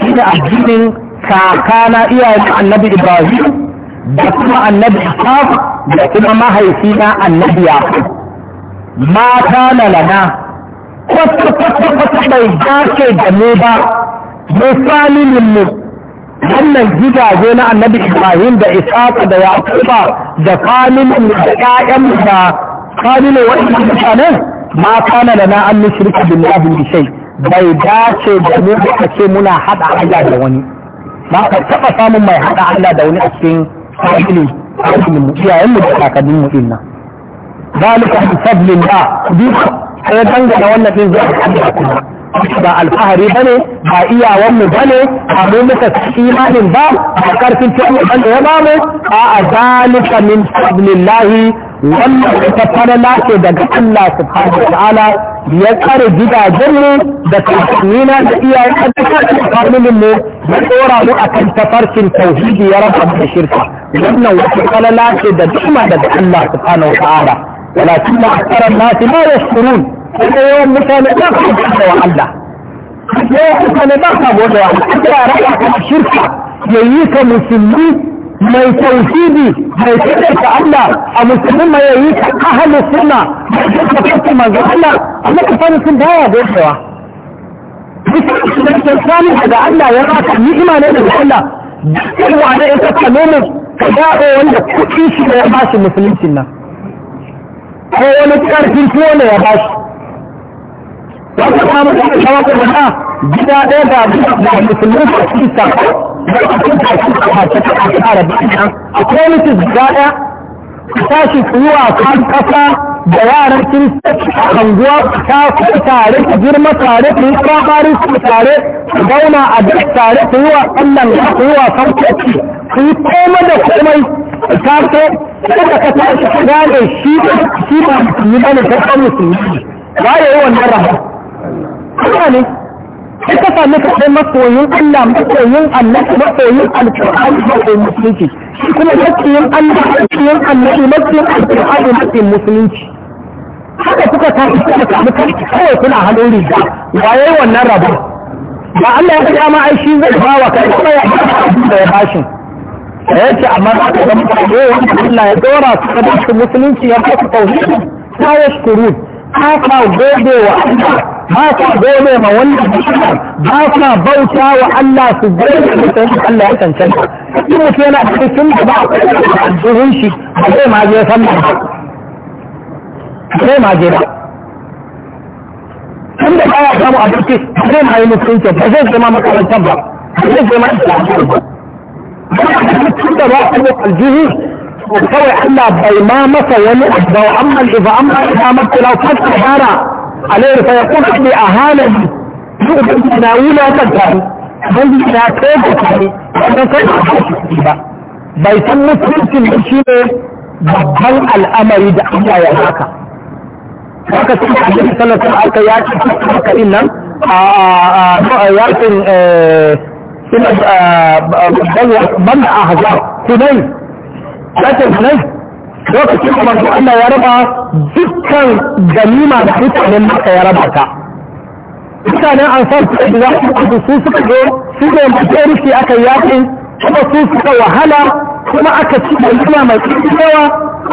shi ne addinin iyaye iyayen annabi ibrahim da kuma annabi Isaf, da kuma mahaifina annabi yaqub ma kana lana kwata-kwata bai dace da mu ba misalininmu wannan gidaje na annabi ibrahim da isaka da yaquba da familin da ƴaƴan da familin wa'annan mutanen ma kana da na an nushrika billahi bi shay bai dace da mu ba ce muna hada Allah da wani ba ka taba samun mai hada Allah da wani a cikin familin familin mu iyayen mu da kakannin mu dinnan ذلك بفضل الله sai dangana wannan din zuwa Allah kuma ba alfahari bane ba iyawan mu bane ba mu muka imanin ba a karfin tamu ban da ya bamu a azalika min fadlillahi wannan ita falala ce daga Allah subhanahu wa ta'ala ya tsare gidajen mu da tafsirina da iyayen addaka da familin mu ya tsora mu akan tafarkin tauhidi ya raba da shirka wannan wata falala ce da duma daga Allah subhanahu wa ta'ala ولكن أكثر الناس لا يشكرون kuma yawan mutane ba su da wahala yawan mutane ba su da wahala ka shirka ya yi ka musulmi mai tauhidi mai tsakar ka Allah a musulmi mai yayi ka ahalus sunna ka fata manzo Allah amma ka fara sun baya godewa Bisa samun daga Allah ya raka ni ne daga Allah dukkan wane ya saka nomin ka dawo wanda kuɗi shi ya ba shi musuluncin nan. Ko wani ƙarfin tuwo ne ya ba shi. wata samun da aka shawo kuma ta gida ɗaya da da musulmi da su ta communities guda ɗaya ku tashi ku yi wasan ƙasa da yaran kirista, a hanguwa ta ku tare ku girma tare ku yi kwamari su tare ku zauna a duk tare ku yi wasan nan ku yi wasan koki ku yi komai da komai ta taso kuka ka tashi ku gane shi ba musulmi ba ne ta musulmi ba ya yi wannan rahama Allah ne ka sami ka sai masoyin Allah masoyin Allah masoyin alƙur'ani masoyin musulunci shi kuma masoyin Allah masoyin Allah masoyin alƙur'ani masoyin musulunci haka kuka tashi kuka sami kanki kawai kuna hannun riga waye wannan rabon ba Allah ya faɗa ma ai shi zai ba wa kai kuma ya da ya bashin da ya ce amma za ka zama ƙwaye wanda Allah ya dora su ka bashin musulunci ya ba su tauhidi ta yashkurun ba ka gode wa ba ka gode ma wannan mutum ba ka bauta wa Allah su gode da sai Allah ya cancanta in mutum yana da cikin da ba a duhun shi ba zai ma je sallah ba zai ma je ba tun da ba ya samu abinci zai ma yi mutunci ba zai zama makarantar ba zai zama islamiyya ba tun da ba a yi aljihu kawai Allah bai ma masa wani abu amma idza amma idza matala fatta hara alaihi fa yaqul bi ahalihi yu'minu na wula kan ta dan na ko ko dan kai ba bai san mutuncin shi ne babban al'amari da Allah ya haka haka sun da Allah sallallahu aka ya ci haka din nan a ya tin eh ban ban hunain lakin nan lokacin kuma manzo Allah ya raba dukkan ganima da mutanen maka ya raba ta mutanen ansar suka ji za su su suka zo su mafi rufi aka yaƙi kuma su suka wahala kuma aka ci ganima mai ƙarfi yawa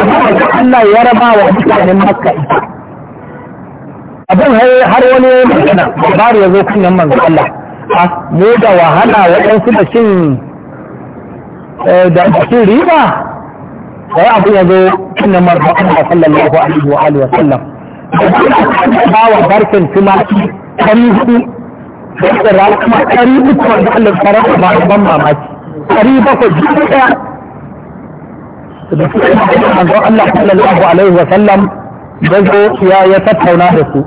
amma manzo Allah ya raba wa mutanen maka ita abin har wani ya yi magana labari ya zo kunnen manzo Allah a mu da wahala waɗansu da cin eh, da cin riba wai abu ya zo sunan manzo Allah sallallahu alaihi wa alihi wa sallam bawa barkin tumaki kari hudu da yake rana kari uku wanda Allah sarrafa ba ban mamaki kari bakwai duk daya da su Allah sallallahu alaihi wa sallam da zo ya ya tattauna da su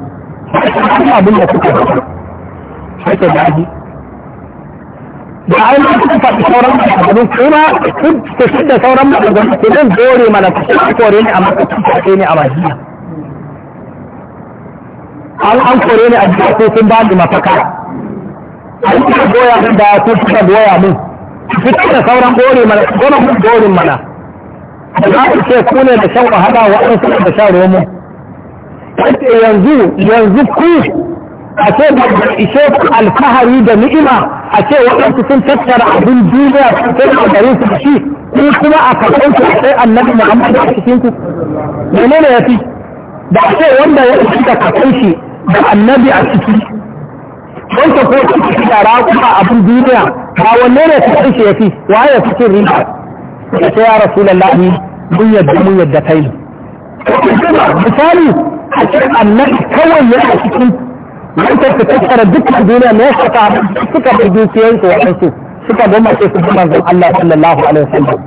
abin da suka faɗa sai da an yi faɗi sauran maganganun kuma ku shidda sauran maganganun ku zan dore mana ku shi kore ne a makasar kore ne a majiya an an kore ne a jiya ko sun bani ni mafaka a yi kuka goya min da ku kuka goya min ku da sauran gore mana ku gona mun gorin mana da za ku ce ku ne da shan wahala waɗansu da shan romo yanzu yanzu ku a ce ishe alfahari da ni'ima a ce waɗansu sun tattara abin duniya sun da a gare su shi ko kuma a karɓar su sai annabi Muhammad a cikin ku menene yafi da a ce wanda ya ɗauki da karɓar shi da annabi a ciki wanda ko ciki da raƙuma abin duniya ba wanne ne karɓar shi yafi waye ya fi cin riba ya ce ya rasulallahi mun yadda mun yadda kai misali a ce annabi kawai ya cikin wancan su tattara dukkan duniya ne suka suka bar dukiyoyinsu su suka goma ce su manzon Allah sallallahu alaihi wasallam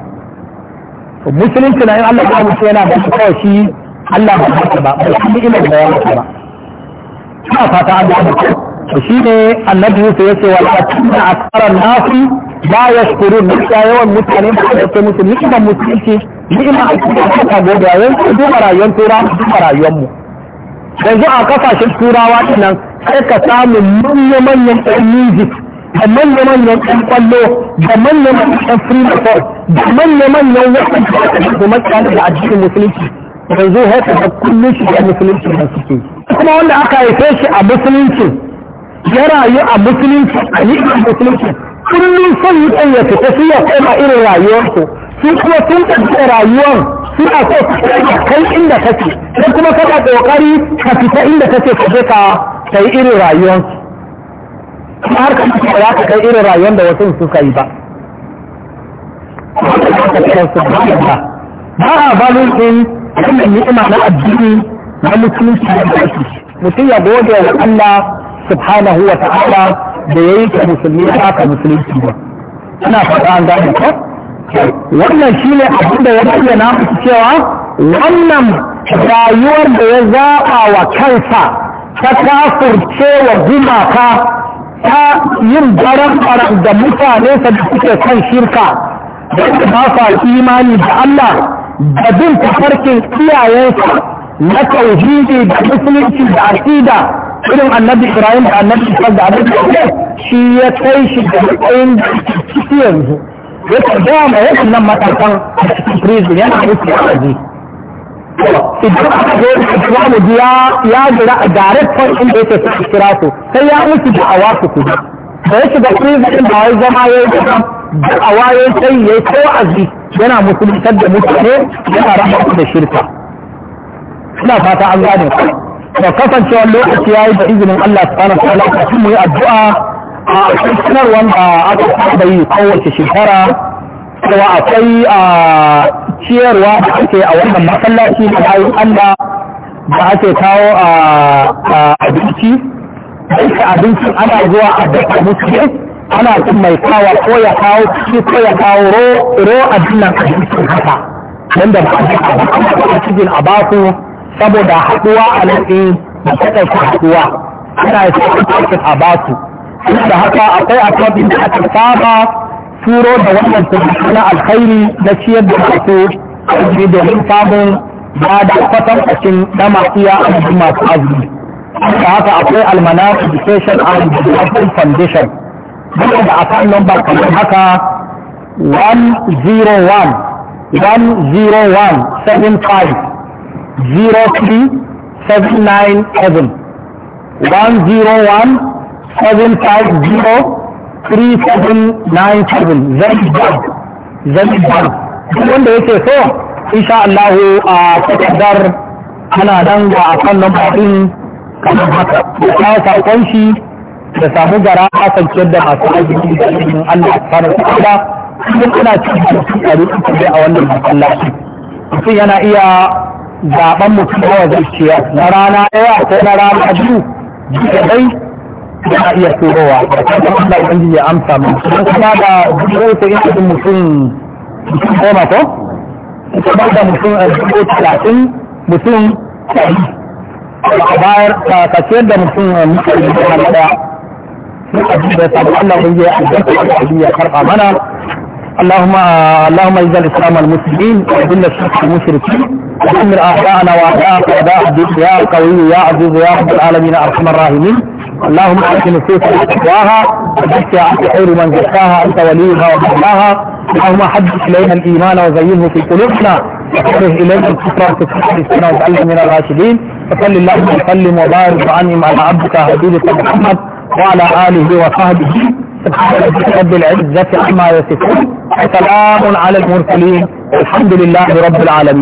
musulunci na yin Allah ya mutu yana da kawai shi Allah ba haka ba ba shi ilimin da ya mutu ba ina fata an da to shi ne annabi Yusuf yace wa la tunna akthara nasi la yashkurun mutiya yawan mutane ba da ke musu ni'imar musulunci ni'imar al'umma ta gode yayin duba rayuwar tura duba rayuwar mu yanzu a kasashen turawa dinnan sai ka samu manya-manyan ɗan music da manya-manyan ɗan kwallo da manya-manyan free freemason da manya-manyan waɗanda aka da matsala da addinin musulunci yanzu haka da kullum shi da musulunci da suke kuma wanda aka haife shi a musulunci ya rayu a musulunci a ni'imar musulunci kullum son yi ɗan ya fita su ya koma irin rayuwarsu su kuma sun ɗauki rayuwar suna so kai inda kake sai kuma kana kokari ka fita inda kake ka je ka kai irin rayuwar kuma har ka fita ya ka kai irin rayuwar da wasu yi ba ba a balin din kuma ni'ima na addini na musulunci da ake mutum ya gode wa Allah subhanahu wa ta'ala da yayi musulmi musulunci ba ina faɗa an gane wannan shi ne abin da ya bayyana fi cewa wannan rayuwar da ya zaɓa wa kansa ta kafurce wa gumaka ta yin baran-baran da mutane da suke kan shirka da ba sa imani da Allah da bin tafarkin iyayensa na tauhidi da musulunci da asida irin annabi Ibrahim da annabi Isa da annabi shi ya kai shi da matsayin da yanzu yakan gaya ma waɗannan matakan a cikin prison yana wuce a waje idan aka zo da islamu ya ya jira a director inda yake sa kira su sai ya wuce da awa su kuma da ya shiga prison din ba ya zama ya yi da awa ya sai ya yi kowa azi yana musuluntar da mutane yana rahama da shirka ina fata an gane ku kasancewar lokaci ya yi da izinin Allah subhanahu wa ta'ala mu yi addu'a a sanar wanda aka bayi yi kowace shekara cewa akwai a ciyarwa da ake a wannan masallaci da bayan Allah da ake kawo a abinci da abincin ana zuwa a daga musu ana cin mai kawo ko ya kawo ciki ko ya kawo ro a dinnan abincin haka wanda ba a ba a cikin a baku saboda haɗuwa a nan ɗin eh, da ta haɗuwa ana yi cikin a baku da haka akwai akwabin da aka saba turo da wannan tunani na alkhairi na ciyar da masu azumi domin samun ba da kwatan cikin na masu ya masu azumi da haka akwai almanar education and development foundation duk da akan lambar kamar haka 101 101 75 03 797 101 seven five zero three seven nine seven zanzibar zanzibar duk wanda yake so insha Allah a takardar ana nan ga kan lamba din kamar haka ya kawo sakon shi da samu gara kasancewar da masu aiki da ilimin Allah subhanahu wa ta'ala duk ana cikin tsari a wannan masallaci mutum yana iya zaben mutum yawa zai ciya na rana ɗaya ko na rana biyu da dai yana iya turowa da kuma Allah ubangiji ya amsa mu kuma da dole sai in mutum goma ko kuma da mutum a dubu talatin mutum a bayar ka ciyar da mutum a mutum da kuma da muka ji da sabu Allah ubangiji ya albarka ya karɓa mana اللهم اللهم اجعل الاسلام المسلمين واذل الشرك المشركين ودمر اعداءنا واعداءك اعداء الدين يا قوي يا عزيز يا رب العالمين ارحم الراحمين اللهم اعط نفوسنا تقواها وزكها انت خير من زكاها انت وليها ومولاها اللهم حدث الينا الايمان وزينه في قلوبنا وكره الينا الكفر وتكفر السنه واجعلنا من الراشدين وصل اللهم وسلم وبارك وانعم على عبدك حبيبك محمد وعلى اله وصحبه سبحانك رب العزه عما يصفون وسلام على المرسلين والحمد لله رب العالمين